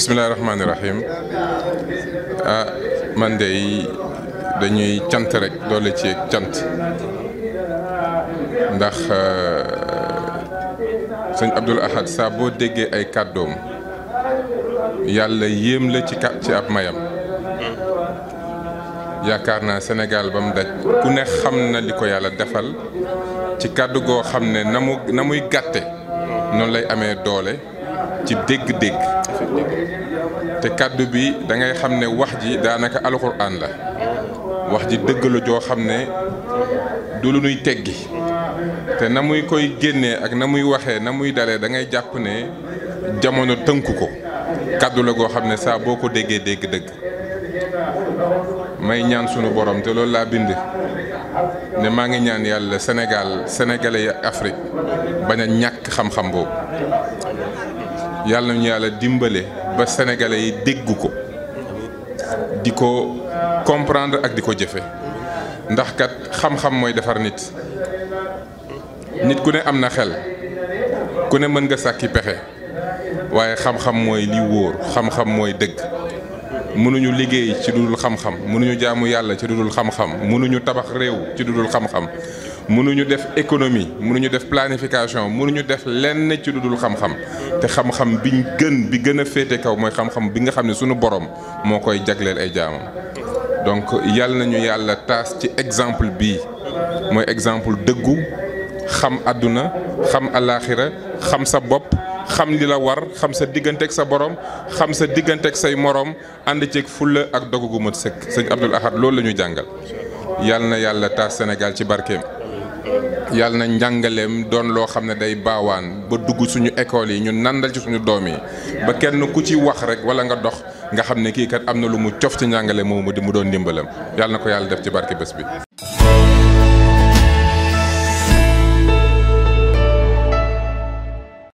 bisimilah rahmaani rahim ah man de dañuy cant rek doole ci cant ndax ah, sëñ Abdul Ahad saa boo déggee ay kàddoom yàlla yéem la ci ka ci ab mayam yaakaar naa Sénégal ba mu daj ku ne xam na li ko yàlla defal ci kàddu goo xam ne na mu na muy gàtte noonu lay amee doole. ci dégg-dégg te kàddu bi dangay xam ne wax ji daanaka alxuraan la wax ji dëgg joo xam ne du lu nuy teggi te na muy koy génnee ak na muy waxee na muy dalee da ngay jàpp ne jamono tënku ko kàddu la goo xam ne saa boo ko déggee dégg dégg may ñaan sunu borom te loolu laa bind ne maa ngi ñaan yàlla Sénégal senegale yi Afrique bañ a ñàkk xam-xam boobu yàlla nañu yàlla dimbale ba sénégalais yi dégg ko di ko comprendre ak di ko jëfe ndax kat xam-xam mooy defar nit nit ku ne am na xel ku ne mën nga sàkki pexe waaye xam-xam mooy li wóor xam-xam mooy dégg mënuñu liggéey ci dudul xam-xam mënuñu jaamu yàlla ci dudul xam-xam mënuñu tabax réew ci dudul xam-xam mënuñu def économie mënuñu def planification mënuñu def lenn ci lu dul xam-xam te xam-xam biñ gën bi gën a féete kaw mooy xam-xam bi nga xam ne sunu borom moo koy jagleel ay jaamam. donc yàlla nañu yàlla taas ci exemple bi mooy exemple dëggu xam àdduna xam alaaxira xam sa bopp. xam li la war xam sa digganteeg sa borom xam sa digganteeg say morom ànd ceeg fulla ak dogu gu mat sëkk sëñ Abdoul Ahad loolu la ñu jàngal yàlla na yàlla taas Sénégal ci barkeem. yàlla na njàngaleem doon loo xam ne day baawaan ba dugg suñu école yi ñu nandal ci suñu doom yi ba kenn ku ci wax rek wala nga dox nga xam ne kii kat am na lu mu cof ci njàngale mu di mu doon ndimbalam yàlla na ko yàlla def ci barke bés bi